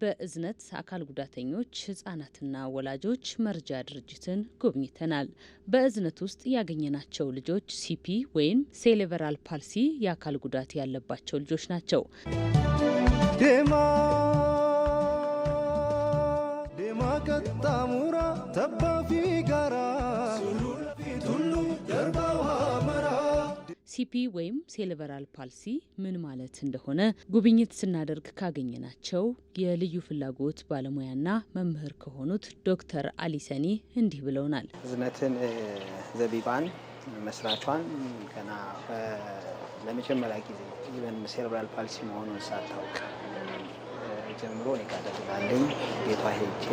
በእዝነት አካል ጉዳተኞች ህጻናትና ወላጆች መርጃ ድርጅትን ጎብኝተናል። በእዝነት ውስጥ ያገኘናቸው ልጆች ሲፒ ወይም ሴሌቨራል ፓልሲ የአካል ጉዳት ያለባቸው ልጆች ናቸው። ደማ ቀጣሙራ ተባፊ ጋራ ሲፒ ወይም ሴልቨራል ፓልሲ ምን ማለት እንደሆነ ጉብኝት ስናደርግ ካገኘናቸው የልዩ ፍላጎት ባለሙያና መምህር ከሆኑት ዶክተር አሊሰኒ እንዲህ ብለውናል። ህዝነትን ዘቢባን መስራቿን ገና ለመጀመሪያ ጊዜ ሴልቨራል ፓልሲ መሆኑን ሳታውቅ ጀምሮ እኔ ጋር ደውላለኝ። ቤቷ ሄጄ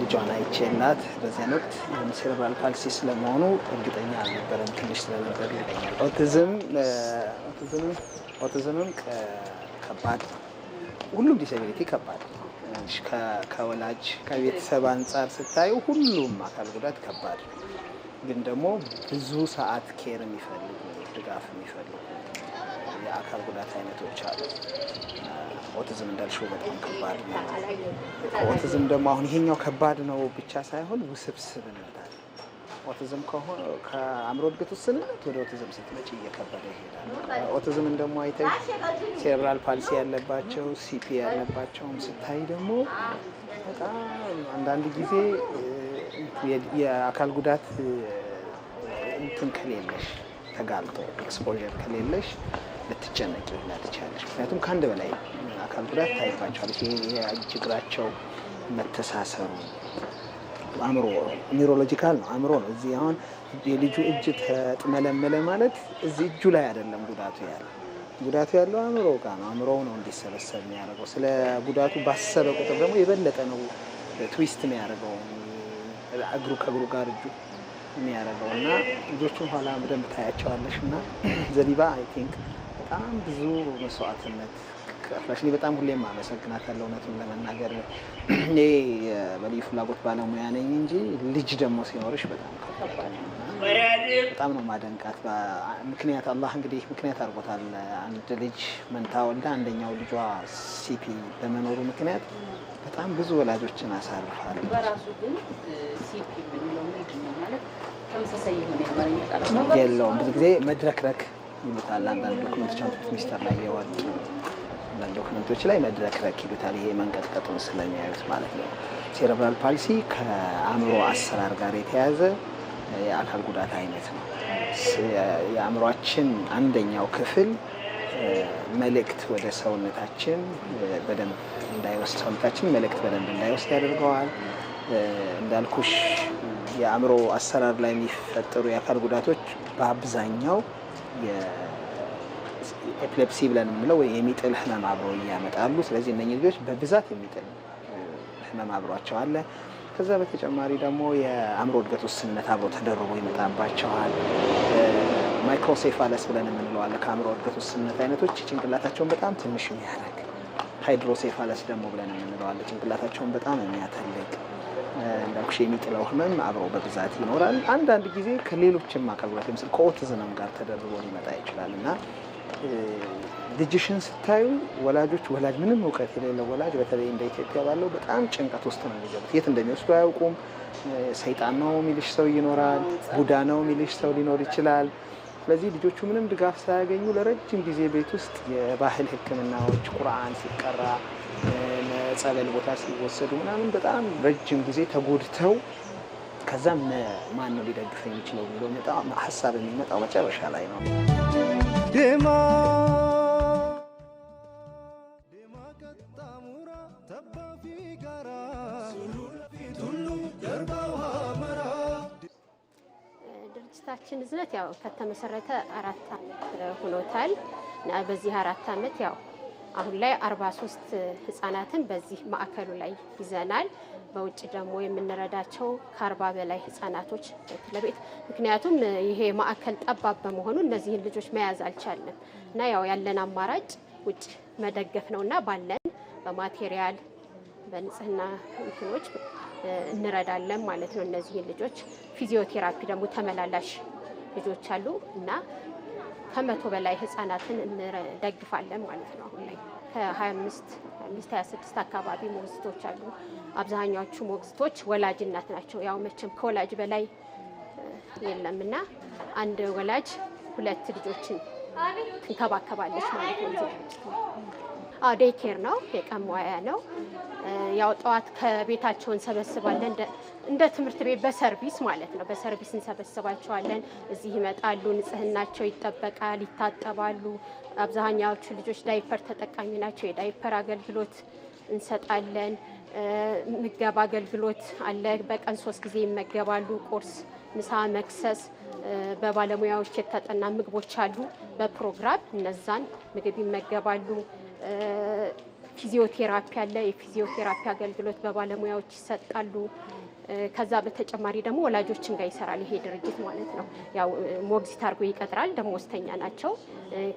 ልጇን አይቼ እናት በዚያን ወቅት ሴረብራል ፓልሲ ስለመሆኑ እርግጠኛ አልነበረም። ትንሽ ስለነበር ኦቲዝምም ከባድ ሁሉም ዲስአቢሊቲ ከባድ ከወላጅ ከቤተሰብ አንጻር ስታዩ ሁሉም አካል ጉዳት ከባድ ግን ደግሞ ብዙ ሰዓት ኬር የሚፈልጉ ድጋፍ የሚፈልጉ የአካል ጉዳት አይነቶች አሉ። ኦቲዝም እንዳልሽው በጣም ከባድ ነው። ኦቲዝም ደግሞ አሁን ይሄኛው ከባድ ነው ብቻ ሳይሆን ውስብስብ አለ። ኦቲዝም ከሆነ ከአእምሮ እድገት ውስንነት ወደ ኦቲዝም ስትመጪ እየከበደ ይሄዳል። ኦቲዝምን ደግሞ አይተሽ ሴሬብራል ፓልሲ ያለባቸው ሲፒ ያለባቸውም ስታይ ደግሞ በጣም አንዳንድ ጊዜ የአካል ጉዳት እንትን ከሌለሽ ተጋልጦ ኤክስፖዠር ከሌለሽ ልትጨነቂ ሆና ምክንያቱም ከአንድ በላይ አካል ጉዳት ታይባቸዋል። እጅ እግራቸው መተሳሰሩ አእምሮ ኒውሮሎጂካል ነው፣ አእምሮ ነው። እዚህ አሁን የልጁ እጅ ተጥመለመለ ማለት እዚህ እጁ ላይ አይደለም ጉዳቱ ያለ ጉዳቱ ያለው አእምሮ ጋር ነው። አእምሮው ነው እንዲሰበሰብ የሚያደርገው። ስለ ጉዳቱ ባሰበ ቁጥር ደግሞ የበለጠ ነው ትዊስት የሚያደርገው እግሩ ከእግሩ ጋር እጁ የሚያደርገው እና ልጆቹም ኋላ በደንብ ታያቸዋለሽ እና ዘቢባ አይ ቲንክ በጣም ብዙ መስዋዕትነት ተጫዋች ናት። በጣም ሁሌም አመሰግናታለሁ። እውነቱን ለመናገር እኔ በልዩ ፍላጎት ባለሙያ ነኝ እንጂ ልጅ ደግሞ ሲኖርሽ በጣም በጣም ነው ማደንቃት። ምክንያት አላህ እንግዲህ ምክንያት አድርጎታል። አንድ ልጅ መንታ ወልዳ አንደኛው ልጇ ሲፒ በመኖሩ ምክንያት በጣም ብዙ ወላጆችን አሳርፋል። በራሱ ግን ሲፒ የምንለው ነው ማለት ተመሳሳይ የሆነ የአማርኛ ቃላት የለውም። ብዙ ጊዜ መድረክረክ ይሉታል። አንዳንድ ዶክመንቶች ሚስተር ላይ የወጡ ዶክመንቶች ላይ መድረክረክ ይሉታል። ይሄ መንቀጥቀጡን ስለሚያዩት ማለት ነው። ሴረብራል ፓልሲ ከአእምሮ አሰራር ጋር የተያያዘ የአካል ጉዳት አይነት ነው። የአእምሯችን አንደኛው ክፍል መልእክት ወደ ሰውነታችን በደንብ እንዳይወስድ ሰውነታችን መልእክት በደንብ እንዳይወስድ ያደርገዋል። እንዳልኩሽ የአእምሮ አሰራር ላይ የሚፈጠሩ የአካል ጉዳቶች በአብዛኛው ኤፒሌፕሲ ብለን የምንለው ወይ የሚጥል ህመም አብሮ እያመጣሉ። ስለዚህ እነኚህ ልጆች በብዛት የሚጥል ህመም አብሯቸው አለ። ከዛ በተጨማሪ ደግሞ የአእምሮ እድገት ውስንነት አብሮ ተደርቦ ይመጣባቸዋል። ማይክሮሴፋለስ ብለን የምንለው አለ። ከአእምሮ እድገት ውስንነት አይነቶች ጭንቅላታቸውን በጣም ትንሽ የሚያደርግ፣ ሃይድሮሴፋለስ ደግሞ ብለን የምንለው አለ። ጭንቅላታቸውን በጣም የሚያተልቅ እንዳልኩሽ የሚጥለው ህመም አብሮ በብዛት ይኖራል። አንዳንድ ጊዜ ከሌሎችም አካል ጉዳት ለምሳሌ ጋር ተደርቦ ሊመጣ ይችላል እና ልጅሽን ስታዩ ወላጆች ወላጅ ምንም እውቀት የሌለው ወላጅ በተለይ እንደ ኢትዮጵያ ባለው በጣም ጭንቀት ውስጥ ነው የሚገቡት። የት እንደሚወስዱ አያውቁም። ሰይጣን ነው የሚልሽ ሰው ይኖራል። ቡዳ ነው የሚልሽ ሰው ሊኖር ይችላል። ስለዚህ ልጆቹ ምንም ድጋፍ ሳያገኙ ለረጅም ጊዜ ቤት ውስጥ የባህል ሕክምናዎች ቁርአን ሲቀራ መጸለል ቦታ ሲወሰዱ ምናምን በጣም ረጅም ጊዜ ተጎድተው ከዛም ማን ነው ሊደግፈ የሚችለው የሚለው ሀሳብ የሚመጣው መጨረሻ ላይ ነው። ድርጅታችን እዝነት ያው ከተመሰረተ አራት ዓመት ሆኖታል። በዚህ አራት ዓመት ያው አሁን ላይ 43 ህጻናትን በዚህ ማዕከሉ ላይ ይዘናል። በውጭ ደግሞ የምንረዳቸው ከአርባ በላይ ህጻናቶች ቤት ለቤት ምክንያቱም ይሄ ማዕከል ጠባብ በመሆኑ እነዚህን ልጆች መያዝ አልቻለም እና ያው ያለን አማራጭ ውጭ መደገፍ ነው እና ባለን በማቴሪያል በንጽህና እንትኖች እንረዳለን ማለት ነው። እነዚህን ልጆች ፊዚዮቴራፒ ደግሞ ተመላላሽ ልጆች አሉ እና ከመቶ በላይ ህጻናትን እንደግፋለን ማለት ነው። አሁን ላይ ከ25 26 አካባቢ ሞግዚቶች አሉ። አብዛኛዎቹ ሞግዚቶች ወላጅ እናት ናቸው። ያው መቼም ከወላጅ በላይ የለም እና አንድ ወላጅ ሁለት ልጆችን ትንከባከባለች ማለት ነው። ዴይ ኬር ነው፣ የቀን መዋያ ነው። ያው ጠዋት ከቤታቸውን ሰበስባለን እንደ ትምህርት ቤት በሰርቪስ ማለት ነው። በሰርቪስ እንሰበስባቸዋለን። እዚህ ይመጣሉ፣ ንጽህናቸው ይጠበቃል፣ ይታጠባሉ። አብዛኛዎቹ ልጆች ዳይፐር ተጠቃሚ ናቸው። የዳይፐር አገልግሎት እንሰጣለን። ምገባ አገልግሎት አለ። በቀን ሶስት ጊዜ ይመገባሉ። ቁርስ፣ ምሳ፣ መክሰስ በባለሙያዎች የተጠና ምግቦች አሉ። በፕሮግራም እነዛን ምግብ ይመገባሉ። ፊዚዮቴራፒ አለ። የፊዚዮቴራፒ አገልግሎት በባለሙያዎች ይሰጣሉ። ከዛ በተጨማሪ ደግሞ ወላጆችን ጋር ይሰራል ይሄ ድርጅት ማለት ነው። ያው ሞግዚት አድርጎ ይቀጥራል፣ ደሞዝተኛ ናቸው።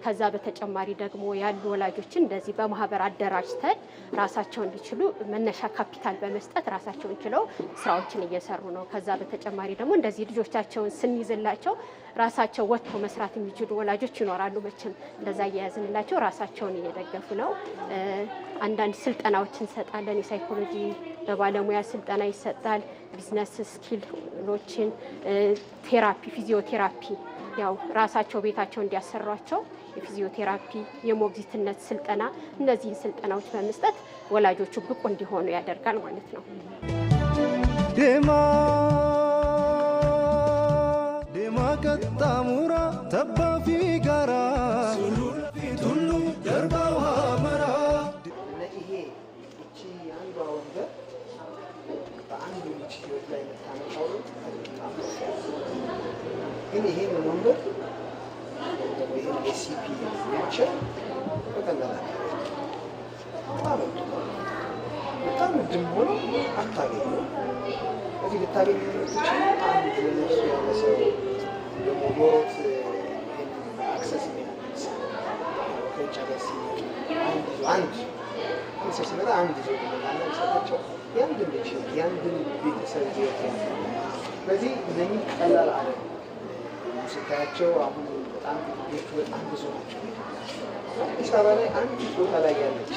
ከዛ በተጨማሪ ደግሞ ያሉ ወላጆችን እንደዚህ በማህበር አደራጅተን ራሳቸው እንዲችሉ መነሻ ካፒታል በመስጠት ራሳቸውን ችለው ስራዎችን እየሰሩ ነው። ከዛ በተጨማሪ ደግሞ እንደዚህ ልጆቻቸውን ስንይዝላቸው ራሳቸው ወጥቶ መስራት የሚችሉ ወላጆች ይኖራሉ። መቼም እንደዛ እያያዝንላቸው ራሳቸውን እየደገፉ ነው። አንዳንድ ስልጠናዎች እንሰጣለን። የሳይኮሎጂ በባለሙያ ስልጠና ይሰጣል። ቢዝነስ ስኪሎችን፣ ቴራፒ፣ ፊዚዮቴራፒ ያው ራሳቸው ቤታቸው እንዲያሰሯቸው የፊዚዮቴራፒ የሞግዚትነት ስልጠና፣ እነዚህን ስልጠናዎች በመስጠት ወላጆቹ ብቁ እንዲሆኑ ያደርጋል ማለት ነው። Nama kan taamura tabbaa fi garaa tullu garba ይሄ እቺ አንዷ ወንበር በአንድ ልጅ ህይወት ላይ የምታመጣው ግን ይሄን ወንበር ይህን ኤሲፒ ሌክቸር በጣም ድም ሆኖ አታገኘው እዚህ ልታገኝ ትችል አንድ ነሱ ያለ ኖሮት አክሰስ የሚያደርግ ከውጭ ሀገር ሲመጡ አንድ ይዞ ሲመጣ አንድ ይዞ ሰቸው የአንድን ልጅ የአንድን ቤተሰብ ህይወት በዚህ እነኚህ ቀላል አለ ስታያቸው አሁን በጣም ቤቱ በጣም ብዙ ናቸው። አዲስ አበባ ላይ አንድ ቦታ ላይ ያለች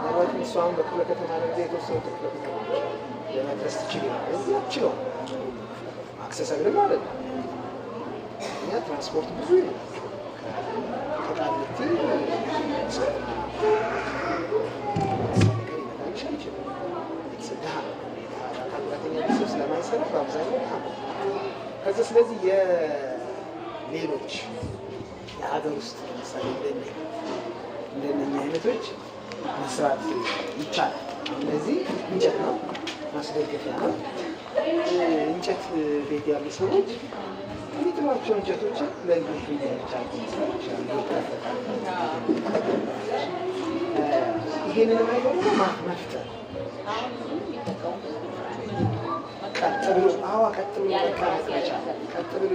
ምናልባት እሷን በክፍለ ከተማ ለጊዜ የተወሰኑ ክፍለ ከተማዎች ለመድረስ ትችል ይችላል። እዚያች ነው ማለት ነው መጓጓዣ ትራንስፖርት ብዙ የላቸው ስለማይሰራ በአብዛኛው ከዚ ስለዚህ የሌሎች የሀገር ውስጥ ለምሳሌ እንደነኛ አይነቶች መስራት ይቻላል። እንደዚህ እንጨት ነው ማስደገፊያ ነው። እንጨት ቤት ያሉ ሰዎች የሚጥሏቸው እንጨቶችን ለልጆች ይህንን ነገር መፍጠር ቀጥ ብሎ አዋ ቀጥ ብሎ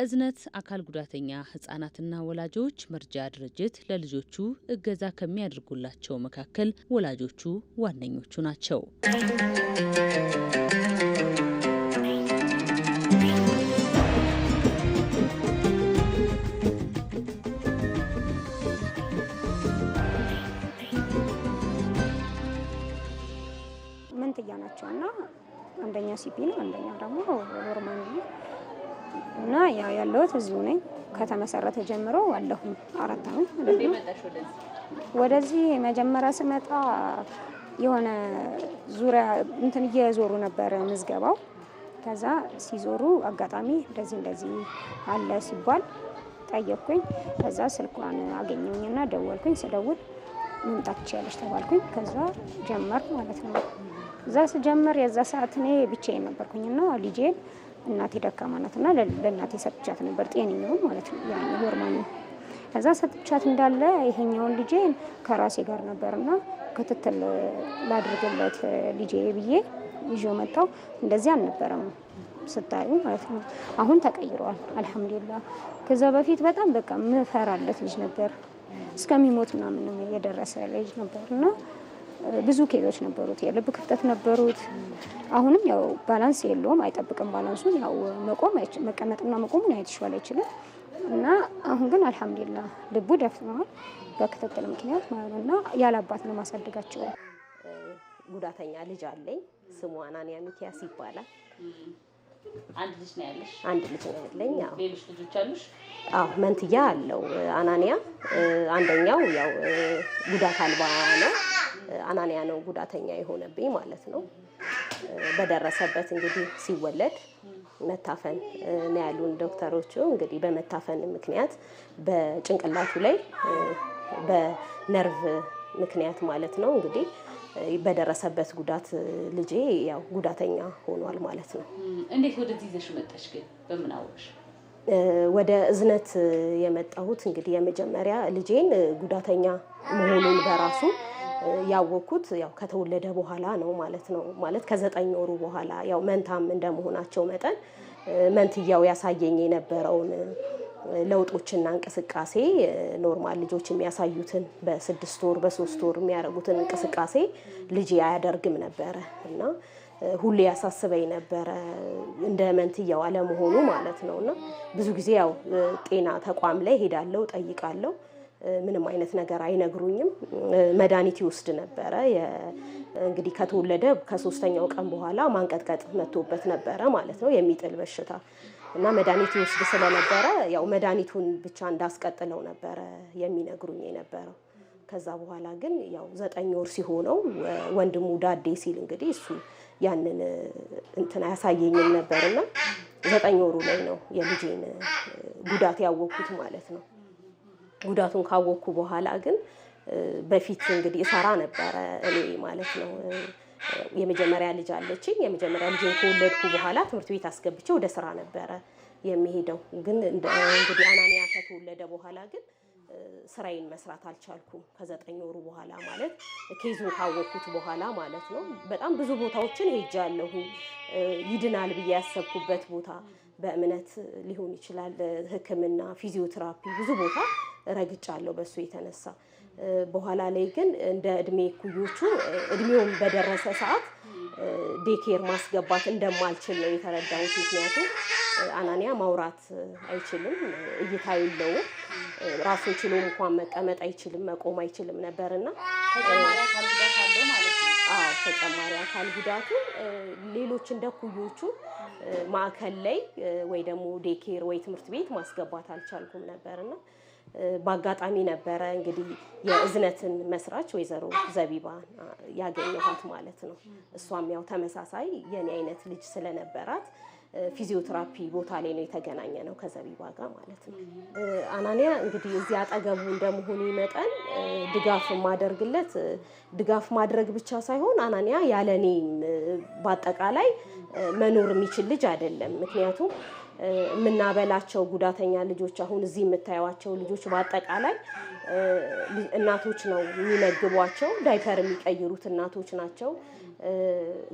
በእዝነት አካል ጉዳተኛ ህጻናትና ወላጆች መርጃ ድርጅት ለልጆቹ እገዛ ከሚያደርጉላቸው መካከል ወላጆቹ ዋነኞቹ ናቸው። ምንትያ ናቸው እና አንደኛው ሲፒ ነው፣ አንደኛው ደግሞ ኖርማል እና ያው ያለሁት እዚሁ ነኝ። ከተመሰረተ ጀምሮ አለሁ አራት አሁን ወደዚህ መጀመሪያ ስመጣ የሆነ ዙሪያ እንትን እየዞሩ ነበር ምዝገባው። ከዛ ሲዞሩ አጋጣሚ እንደዚህ እንደዚህ አለ ሲባል ጠየቅኩኝ። ከዛ ስልኳን አገኘሁኝና ደወልኩኝ። ስደውል መምጣት ትችያለሽ ተባልኩኝ። ከዛ ጀመር ማለት ነው። እዛ ስጀምር የዛ ሰዓት እኔ ብቻዬን ነበርኩኝና ልጄን እናቴ ደካማ ናት እና ለእናቴ ሰጥቻት ነበር፣ ጤነኛውን ማለት ነው ኖርማል ከዛ ሰጥቻት እንዳለ ይሄኛውን ልጄን ከራሴ ጋር ነበር እና ክትትል ላድርግለት ልጄ ብዬ ይዤው መጣው። እንደዚህ አልነበረም ስታዩ ማለት ነው። አሁን ተቀይረዋል አልሐምዱሊላህ። ከዛ በፊት በጣም በቃ ምፈራለት ልጅ ነበር፣ እስከሚሞት ምናምን የደረሰ ልጅ ነበር እና ብዙ ኬዞች ነበሩት፣ የልብ ክፍተት ነበሩት። አሁንም ያው ባላንስ የለውም፣ አይጠብቅም ባላንሱን። ያው መቆም መቀመጥና መቆሙን አይተሽዋል አይችልም። እና አሁን ግን አልሐምዱሊላህ ልቡ ደፍነዋል በክትትል ምክንያት ማለት ነው። እና ያለ አባት ነው ማሳደጋቸው። ጉዳተኛ ልጅ አለኝ፣ ስሙ አናንያ ሚኪያስ ይባላል። አንድ ልጅ ነው ያለሽ? አንድ ልጅ ነው ያለኝ። አዎ። ሌሎች ልጆች አሉሽ? አዎ፣ መንትያ አለው አናንያ። አንደኛው ያው ጉዳት አልባ ነው አናንያ ነው ጉዳተኛ የሆነብኝ ማለት ነው። በደረሰበት እንግዲህ ሲወለድ መታፈን ነው ያሉን ዶክተሮቹ። እንግዲህ በመታፈን ምክንያት በጭንቅላቱ ላይ በነርቭ ምክንያት ማለት ነው እንግዲህ በደረሰበት ጉዳት ልጄ ያው ጉዳተኛ ሆኗል ማለት ነው። እንዴት ወደዚህ ይዘሽ መጣሽ ግን በምን አወቅሽ? ወደ እዝነት የመጣሁት እንግዲህ የመጀመሪያ ልጄን ጉዳተኛ መሆኑን በራሱ ያወቅኩት ያው ከተወለደ በኋላ ነው ማለት ነው። ማለት ከዘጠኝ ወሩ በኋላ ያው መንታም እንደመሆናቸው መጠን መንትያው ያሳየኝ የነበረውን ለውጦችና እንቅስቃሴ ኖርማል ልጆች የሚያሳዩትን በስድስት ወር በሶስት ወር የሚያደርጉትን እንቅስቃሴ ልጅ አያደርግም ነበረ እና ሁሌ ያሳስበኝ ነበረ እንደ መንትያው አለመሆኑ ማለት ነው። እና ብዙ ጊዜ ያው ጤና ተቋም ላይ ሄዳለሁ፣ ጠይቃለሁ ምንም አይነት ነገር አይነግሩኝም። መድኃኒት ይወስድ ነበረ። እንግዲህ ከተወለደ ከሶስተኛው ቀን በኋላ ማንቀጥቀጥ መጥቶበት ነበረ ማለት ነው፣ የሚጥል በሽታ እና መድኃኒት ይወስድ ስለነበረ ያው መድኃኒቱን ብቻ እንዳስቀጥለው ነበረ የሚነግሩኝ የነበረው። ከዛ በኋላ ግን ያው ዘጠኝ ወር ሲሆነው ወንድሙ ዳዴ ሲል እንግዲህ እሱ ያንን እንትን አያሳየኝም ነበርና ዘጠኝ ወሩ ላይ ነው የልጄን ጉዳት ያወቅኩት ማለት ነው። ጉዳቱን ካወቅኩ በኋላ ግን በፊት እንግዲህ እሰራ ነበረ እኔ ማለት ነው። የመጀመሪያ ልጅ አለችኝ። የመጀመሪያ ልጅ ከወለድኩ በኋላ ትምህርት ቤት አስገብቼ ወደ ስራ ነበረ የሚሄደው። ግን እንግዲህ አናንያ ከተወለደ በኋላ ግን ስራዬን መስራት አልቻልኩም። ከዘጠኝ ወሩ በኋላ ማለት ኬዙን ካወቅኩት በኋላ ማለት ነው። በጣም ብዙ ቦታዎችን ሄጃለሁ። ይድናል ብዬ ያሰብኩበት ቦታ በእምነት ሊሆን ይችላል፣ ሕክምና፣ ፊዚዮትራፒ፣ ብዙ ቦታ ረግጫለሁ በእሱ የተነሳ። በኋላ ላይ ግን እንደ እድሜ ኩዮቹ እድሜውን በደረሰ ሰዓት ዴኬር ማስገባት እንደማልችል ነው የተረዳሁት። ምክንያቱም አናንያ ማውራት አይችልም፣ እይታ የለውም፣ ራሱን ችሎ እንኳን መቀመጥ አይችልም፣ መቆም አይችልም ነበርና ተጨማሪ አካል ጉዳቱ ሌሎች እንደ ኩዮቹ ማዕከል ላይ ወይ ደግሞ ዴኬር ወይ ትምህርት ቤት ማስገባት አልቻልኩም ነበርና በአጋጣሚ ነበረ እንግዲህ የእዝነትን መስራች ወይዘሮ ዘቢባ ያገኘኋት ማለት ነው። እሷም ያው ተመሳሳይ የኔ አይነት ልጅ ስለነበራት ፊዚዮትራፒ ቦታ ላይ ነው የተገናኘ ነው ከዘቢባ ጋር ማለት ነው። አናንያ እንግዲህ እዚህ አጠገቡ እንደመሆኑ መጠን ድጋፍ ማደርግለት ድጋፍ ማድረግ ብቻ ሳይሆን አናንያ ያለኔ በአጠቃላይ መኖር የሚችል ልጅ አይደለም። ምክንያቱም የምናበላቸው ጉዳተኛ ልጆች አሁን እዚህ የምታየዋቸው ልጆች በአጠቃላይ እናቶች ነው የሚመግቧቸው። ዳይፐር የሚቀይሩት እናቶች ናቸው።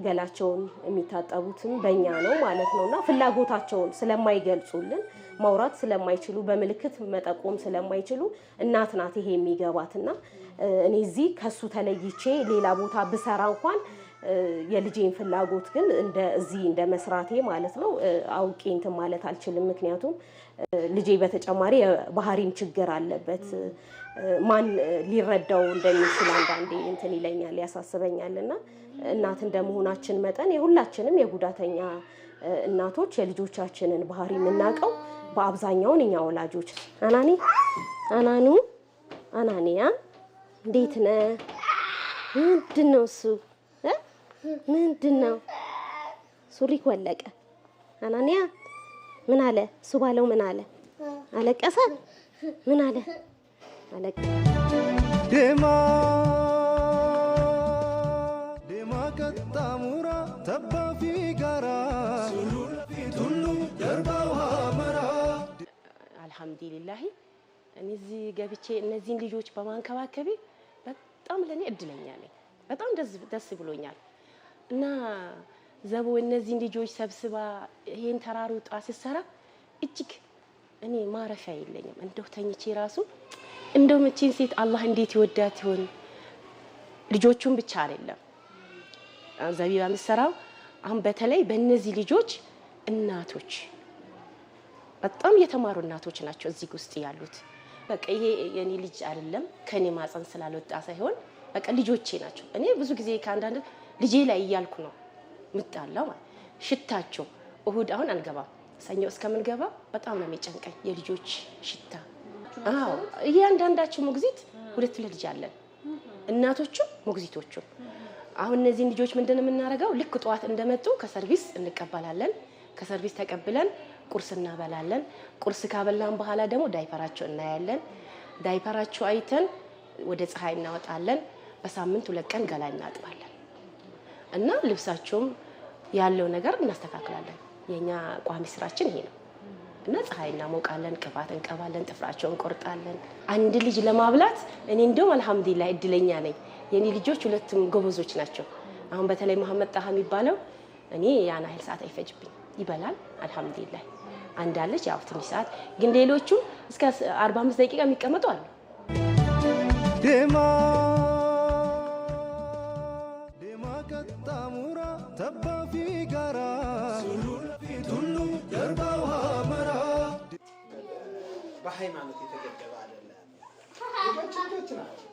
ገላቸውን የሚታጠቡትም በእኛ ነው ማለት ነው እና ፍላጎታቸውን ስለማይገልጹልን ማውራት ስለማይችሉ በምልክት መጠቆም ስለማይችሉ እናት ናት ይሄ የሚገባት እና እኔ እዚህ ከሱ ተለይቼ ሌላ ቦታ ብሰራ እንኳን የልጄን ፍላጎት ግን እንደ እዚህ እንደ መስራቴ ማለት ነው አውቄ እንትን ማለት አልችልም። ምክንያቱም ልጄ በተጨማሪ የባህሪም ችግር አለበት። ማን ሊረዳው እንደሚችል አንዳንዴ እንትን ይለኛል፣ ያሳስበኛል። እና እናት እንደመሆናችን መጠን የሁላችንም የጉዳተኛ እናቶች የልጆቻችንን ባህሪ የምናውቀው በአብዛኛውን እኛ ወላጆች። አናኒ አናኑ አናኒያ እንዴት ነ ምንድን ነው እሱ ምንድን ነው? ሱሪክ ወለቀ። አናንያ ምን አለ? እሱ ባለው ምን አለ? አለቀሰ። ምን አለ? አለቀሰ። ደማ ደማ ቀጣሙራ ተባፊ ጋራ ቱሉ ደርባው እዚህ ገብቼ እነዚህን ልጆች በማንከባከቤ በጣም ለእኔ እድለኛ ነኝ። በጣም ደስ ብሎኛል። እና ዘቦ እነዚህን ልጆች ሰብስባ ይሄን ተራሩ ተራሩጣ ስሰራ እጅግ እኔ ማረፊያ የለኝም። እንደው ተኝቼ ራሱ እንደው መቼን ሴት አላህ እንዴት ይወዳት ይሆን? ልጆቹን ብቻ አይደለም ዘቢባ የምትሰራው አሁን በተለይ በእነዚህ ልጆች እናቶች በጣም የተማሩ እናቶች ናቸው እዚህ ውስጥ ያሉት። በቃ ይሄ የኔ ልጅ አይደለም ከእኔ ማፀን ስላልወጣ ሳይሆን በቃ ልጆቼ ናቸው። እኔ ብዙ ጊዜ ከአንዳንድ ልጄ ላይ እያልኩ ነው ምጣላው። ሽታቸው እሁድ አሁን አልገባም፣ ሰኞ እስከምንገባ በጣም ነው የሚጨንቀኝ የልጆች ሽታ። አዎ እያንዳንዳቸው ሞግዚት ሁለት ሁለት ልጅ አለን፣ እናቶቹም ሞግዚቶቹም። አሁን እነዚህን ልጆች ምንድን ነው የምናደርገው? ልክ ጠዋት እንደመጡ ከሰርቪስ እንቀበላለን። ከሰርቪስ ተቀብለን ቁርስ እናበላለን። ቁርስ ካበላን በኋላ ደግሞ ዳይፐራቸው እናያለን። ዳይፐራቸው አይተን ወደ ፀሐይ እናወጣለን። በሳምንት ሁለት ቀን ገላ እናጥባለን። እና ልብሳቸውም ያለው ነገር እናስተካክላለን። የኛ ቋሚ ስራችን ይሄ ነው እና ፀሐይ እናሞቃለን፣ ቅባት እንቀባለን፣ ጥፍራቸውን እንቆርጣለን። አንድ ልጅ ለማብላት እኔ እንደውም አልሐምዱሊላህ እድለኛ ነኝ። የኔ ልጆች ሁለቱም ጎበዞች ናቸው። አሁን በተለይ መሐመድ ጣሃ የሚባለው እኔ ያን ያህል ሰዓት አይፈጅብኝ ይበላል። አልሐምዱሊላህ አንዳለች ያው ትንሽ ሰዓት ግን ሌሎቹ እስከ 45 ደቂቃ የሚቀመጡ አሉ። ተባፊ ጋራ ፊት ሁሉ ጀርባው አመራ በሃይማኖት የተገደበ አይደለም። ልጆች ልጆች ናቸው።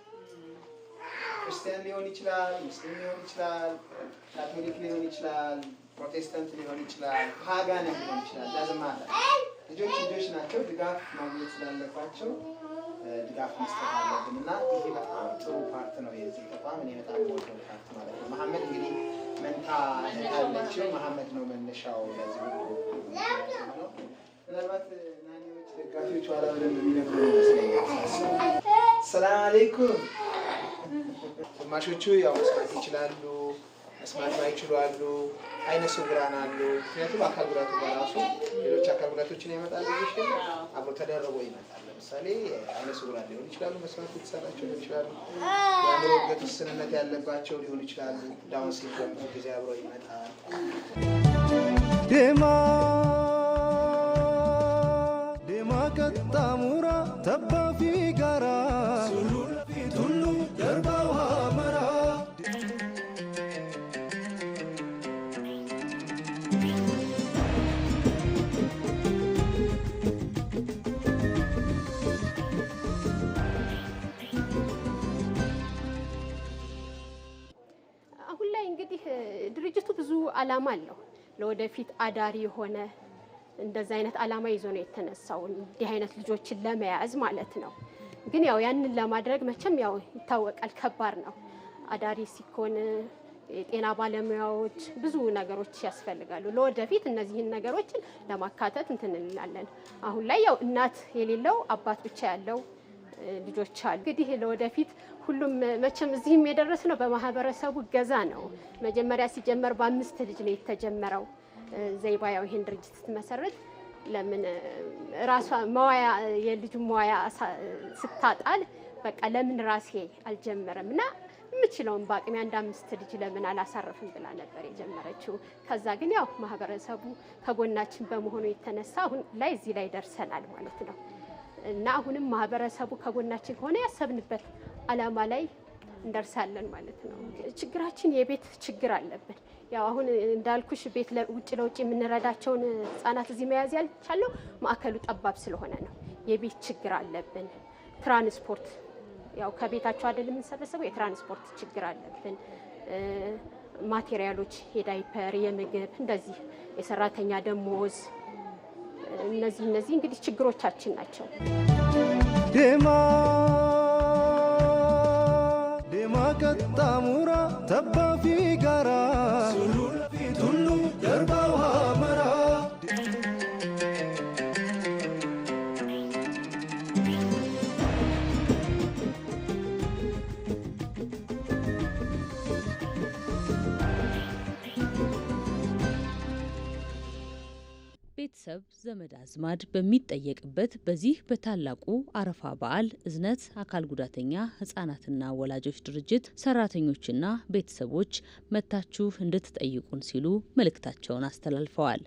ክርስቲያን ሊሆን ይችላል፣ ሙስሊም ሊሆን ይችላል፣ ካቶሊክ ሊሆን ይችላል፣ ፕሮቴስታንት ሊሆን ይችላል፣ ሀጋን ሊሆን ይችላል። ለዝማለ ልጆች ልጆች ናቸው። ድጋፍ ማግኘት ስላለባቸው ድጋፍ መስጠት አለብን እና ይህ በጣም ጥሩ ፓርት ነው የዚህ ተቋም እኔ በጣም ወደ ፓርት ማለት ነው መሐመድ እንግዲህ መንታ እህት መሐመድ ነው መነሻው ለዚህ ምናልባት ናኒዎች ደጋፊዎች ኋላ ብለን የሚነግሩ ይመስለኛል። ሰላም አሌይኩም። ግማሾቹ ያው መስማት ይችላሉ፣ መስማት ማይችሉ አሉ፣ አይነ ስውራን አሉ። ምክንያቱም አካል ጉዳቱ በራሱ ጉዳቶችን ያመጣል። ልጆች ደግሞ አብሮ ተደርቦ ይመጣል። ለምሳሌ አይነ ስውራን ሊሆን ይችላሉ፣ መስማት የተሳናቸው ሊሆን ይችላሉ፣ የአእምሮ እድገት ውስንነት ያለባቸው ሊሆን ይችላሉ። ዳውን ሲንድሮም ጊዜ አብሮ ይመጣል። ዴማ ዴማ ቀጣሙራ ተባፊ ጋራ አላማ አለው። ለወደፊት አዳሪ የሆነ እንደዚህ አይነት አላማ ይዞ ነው የተነሳው፣ እንዲህ አይነት ልጆችን ለመያዝ ማለት ነው። ግን ያው ያንን ለማድረግ መቼም ያው ይታወቃል፣ ከባድ ነው። አዳሪ ሲኮን የጤና ባለሙያዎች ብዙ ነገሮች ያስፈልጋሉ። ለወደፊት እነዚህን ነገሮችን ለማካተት እንትን እንላለን። አሁን ላይ ያው እናት የሌለው አባት ብቻ ያለው ልጆች አሉ። እንግዲህ ለወደፊት ሁሉም መቼም እዚህም የደረስ ነው በማህበረሰቡ እገዛ ነው። መጀመሪያ ሲጀመር በአምስት ልጅ ነው የተጀመረው። ዘይባያው ይሄን ድርጅት ስትመሰረት ለምን ራሷ መዋያ የልጁ መዋያ ስታጣል በቃ ለምን ራሴ አልጀመረም እና የምችለውን በአቅሜ አንድ አምስት ልጅ ለምን አላሳረፍም ብላ ነበር የጀመረችው። ከዛ ግን ያው ማህበረሰቡ ከጎናችን በመሆኑ የተነሳ አሁን ላይ እዚህ ላይ ደርሰናል ማለት ነው። እና አሁንም ማህበረሰቡ ከጎናችን ከሆነ ያሰብንበት አላማ ላይ እንደርሳለን ማለት ነው። ችግራችን የቤት ችግር አለብን። ያው አሁን እንዳልኩሽ ቤት ውጭ ለውጭ የምንረዳቸውን ህጻናት እዚህ መያዝ ያልቻለው ማዕከሉ ጠባብ ስለሆነ ነው። የቤት ችግር አለብን። ትራንስፖርት ያው ከቤታቸው አይደል የምንሰበሰበው፣ የትራንስፖርት ችግር አለብን። ማቴሪያሎች፣ የዳይፐር፣ የምግብ እንደዚህ የሰራተኛ ደሞዝ እነዚህ እነዚህ እንግዲህ ችግሮቻችን ናቸው። ቀጣሙራ ተባፊ ጋራ አዝማድ በሚጠየቅበት በዚህ በታላቁ አረፋ በዓል እዝነት አካል ጉዳተኛ ህጻናትና ወላጆች ድርጅት ሰራተኞችና ቤተሰቦች መታችሁ እንድትጠይቁን ሲሉ መልእክታቸውን አስተላልፈዋል።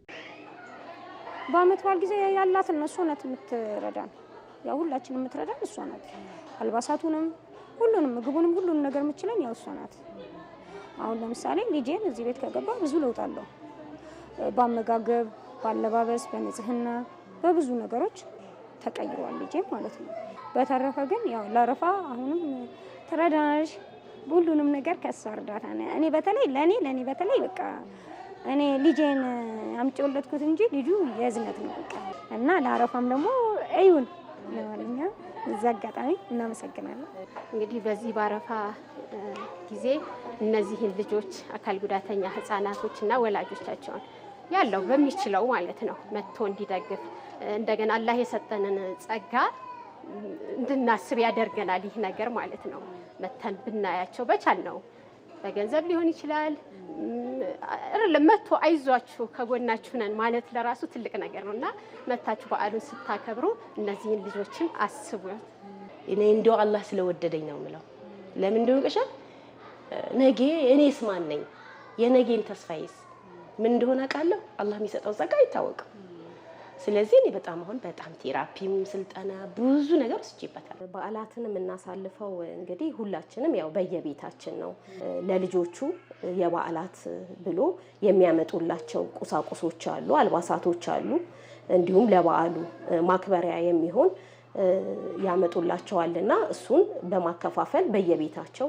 በአመት በዓል ጊዜ ያላትን እነሱ ነት የምትረዳን፣ ያው ሁላችን የምትረዳን እሷ ናት። አልባሳቱንም፣ ሁሉንም፣ ምግቡንም ሁሉንም ነገር የምችለን ያው እሷ ናት። አሁን ለምሳሌ ልጄን እዚህ ቤት ከገባ ብዙ ለውጥ አለው በአመጋገብ በአለባበስ፣ በንጽህና፣ በብዙ ነገሮች ተቀይሯል ልጄም ማለት ነው። በተረፈ ግን ያው ለረፋ አሁንም ትረዳሽ ሁሉንም ነገር ከእሷ እርዳታ ነው። እኔ በተለይ ለእኔ ለእኔ በተለይ በቃ እኔ ልጄን አምጪ ወለድኩት እንጂ ልጁ የእዝነት ነው በቃ እና ለአረፋም ደግሞ እዩን ለማለኛ እዚህ አጋጣሚ እናመሰግናለን። እንግዲህ በዚህ በአረፋ ጊዜ እነዚህን ልጆች አካል ጉዳተኛ ህጻናቶችና ወላጆቻቸውን ያለው በሚችለው ማለት ነው መጥቶ እንዲደግፍ እንደገና አላህ የሰጠንን ጸጋ እንድናስብ ያደርገናል ይህ ነገር ማለት ነው። መተን ብናያቸው በቻል ነው በገንዘብ ሊሆን ይችላል አይደለም መጥቶ አይዟችሁ ከጎናችሁ ነን ማለት ለራሱ ትልቅ ነገር ነው እና መታችሁ በዓሉን ስታከብሩ እነዚህን ልጆችን አስቡ። እኔ እንደው አላህ ስለወደደኝ ነው ምለው። ለምን እንደሆነ ቀሻል ነጌ እኔስ ማን ነኝ? የነጌን ተስፋዬስ ምን እንደሆነ አውቃለሁ። አላህ የሚሰጠው ጸጋ አይታወቅም። ስለዚህ እኔ በጣም አሁን በጣም ቴራፒም ስልጠና ብዙ ነገር ስጭበታል። በዓላትን የምናሳልፈው እንግዲህ ሁላችንም ያው በየቤታችን ነው። ለልጆቹ የበዓላት ብሎ የሚያመጡላቸው ቁሳቁሶች አሉ፣ አልባሳቶች አሉ። እንዲሁም ለበዓሉ ማክበሪያ የሚሆን ያመጡላቸዋልና እሱን በማከፋፈል በየቤታቸው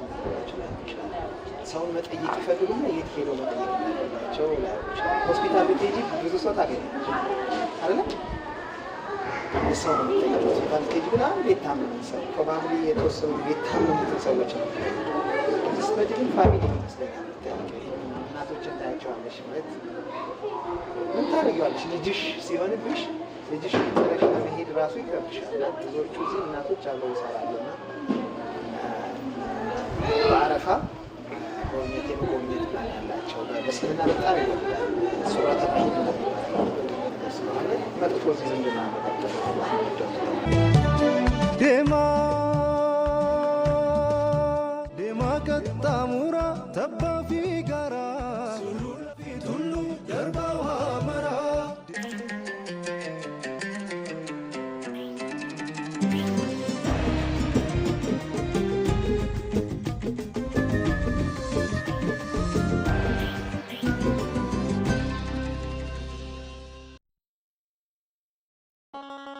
ሰውን መጠየቅ ይፈልጉና የት ሄደው መጠየቅ እንዳለባቸው ሆስፒታል ብትሄጂ ብዙ ሰው ታገኛለች አይደለ? ሰው ነው የሚጠየቅ። ሆስፒታል ብትሄጂ ግን አሁን ቤት ታመም ሰው ፕሮባብሊ የተወሰኑ ቤት ታመሙትን ሰዎች ነው ስትመጪ ግን ፋሚሊ ይመስለኛል የምትጠይቀው። እናቶችን ታያቸዋለሽ ማለት ምን ታደርጊዋለሽ? ልጅሽ ሲሆንብሽ ልጅሽ ጥረሽ መሄድ ራሱ ይከብድሻል። ብዙዎቹ እዚህ እናቶች አብረው ይሰራሉና በአረፋ መጎብኘት የመጎብኘት ፕላን ያላቸው በእስልምና በጣም ይወዳል ሱራት መጥፎ ዝምድና ደማ ደማ ቀጣሙራ ተባፊ ጋራ